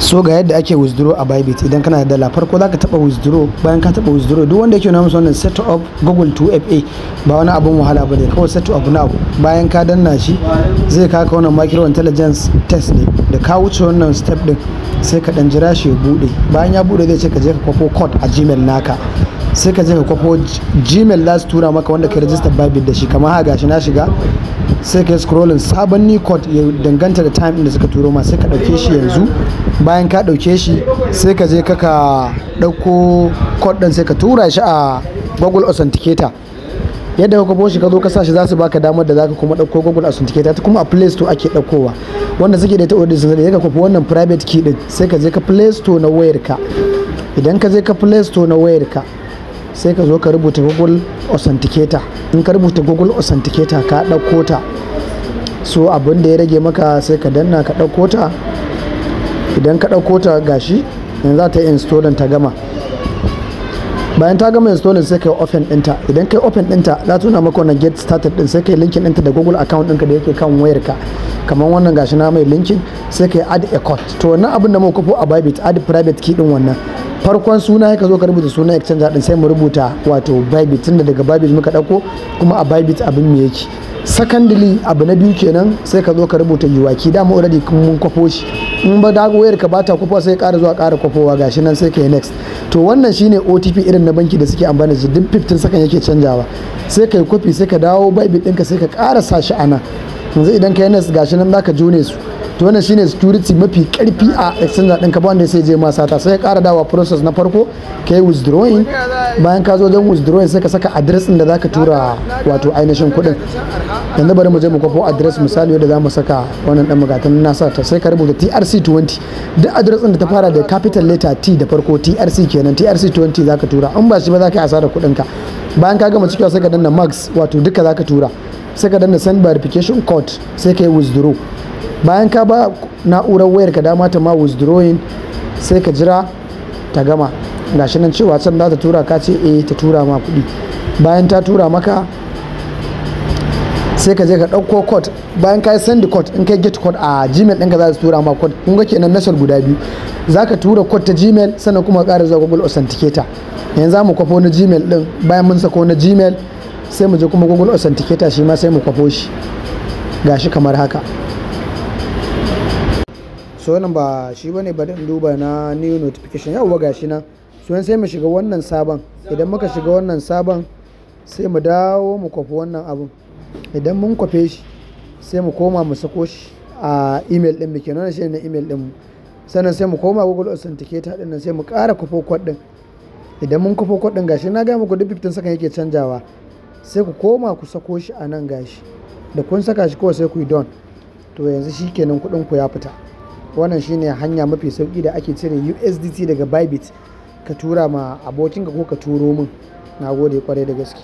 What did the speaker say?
so ga yadda ake withdraw a bybit idan kana da dala farko za ka taba withdraw bayan ka taba withdraw duk wanda yake namu musu wannan set up google 2fa ba wani abun wahala bane kawai set up na bayan ka danna shi zai kaka wannan micro intelligence test ne da ka wuce wannan step din sai ka dan jira shi ya bude bayan ya bude zai ce ka je ka kwafo code a gmail naka sai ka je ka kwafo gmail za su tura maka wanda ka register bybit da shi kamar ha gashi na shiga sai ka scrolling sabon code ya danganta da time da suka turo ma sai ka dauke shi yanzu bayan ka ɗauke shi sai ka je ka ɗauko code ɗin sai ka tura shi a google authenticator yadda ka kafo shi ka zo ka shi za su baka damar da zaka kuma dauko Google Authenticator ta kuma a Play Store ake daukowa wanda suke da ta audit sun zai ka kofa wannan private key din sai ka je ka Play Store na wayar ka idan ka je ka Play Store na wayar ka sai ka zo ka rubuta Google Authenticator in ka rubuta Google Authenticator ka ɗauko ta so abin da ya rage maka sai ka danna ka ɗauko ta idan ka ɗauko ta gashi yanzu za ta yi installing ta gama bayan ta gama installing sai kai open ɗinta idan kai open ɗinta za ta nuna maka wannan get started ɗin sai kai linkin ɗinta da google account ɗinka da yake kan wayar ka kamar wannan gashi na mai linkin sai kai add a code to wannan abin da muka kofo a bybit add private key ɗin wannan farkon suna ka zo ka rubuta suna exchange din sai mu rubuta wato bybit tunda daga bybit muka dauko kuma a bybit abin me yake secondly abu na biyu kenan sai ka zo ka rubuta yuwaki dama already kun mun kwafo shi in ba da wayar ka bata kwafowa sai ƙara zuwa ƙara kwafowa gashi nan sai ka yi next to wannan shine OTP irin na banki da suke amfani da shi duk 15 sakan yake canjawa sai ka yi kwafi sai ka dawo bybit ɗinka sai ka ƙara sa shi ana yanzu idan ka yanas gashi nan zaka jone su to wannan shine security mafi karfi a exchange din ka ba wanda sai je ma sata sai ya ƙara dawa process na farko ka yi withdrawing bayan ka zo don withdrawing sai ka saka address din da zaka tura wato ainihin kuɗin yanzu bari mu je mu kwafo address misali yadda za mu saka wannan dan magatan na sata sai ka rubuta TRC20 duk address din da ta fara da capital letter T da farko TRC kenan TRC20 zaka tura in ba shi ba zaka yi asarar kuɗin ka bayan ka gama cikewa sai ka danna max wato duka zaka tura sai ka danna send verification code sai ka yi withdraw bayan ka ba na'urar wayar ka dama ta ma withdrawing sai ka jira ta gama gashi nan cewa can za ta tura ka ce eh ta tura ma kuɗi bayan ta tura maka sai ka je ka ɗauko code bayan ka yi send code in kai get code a gmail ɗinka za su tura ma code kun ga kenan nashar guda biyu za ka tura code ta gmail sannan kuma ƙara zuwa google authenticator yanzu za mu kwafo na gmail ɗin bayan mun sako na gmail sai mu je kuma google authenticator shi ma sai mu kwafo shi ga shi kamar haka so wannan ba shi bane ba din duba na new notification yawwa shi nan so sai mu shiga wannan sabon idan muka shiga wannan sabon sai mu dawo mu kwafo wannan abun idan mun kwafe shi sai mu koma mu sako shi a email din mu kenan shi ne email din mu sannan sai mu koma google authenticator din nan sai mu kara kwafo kwad din idan mun kwafo kwad din gashi na ga muku duk 15 sakan yake canjawa sai ku koma ku sako shi a nan gashi da kun saka shi kawai sai ku yi don to yanzu shi kenan kuɗin ku ya fita wannan shi ne hanya mafi sauki da ake cire USDT daga Bybit ka tura ma abokinka ko ka turo min na gode kwarai da gaske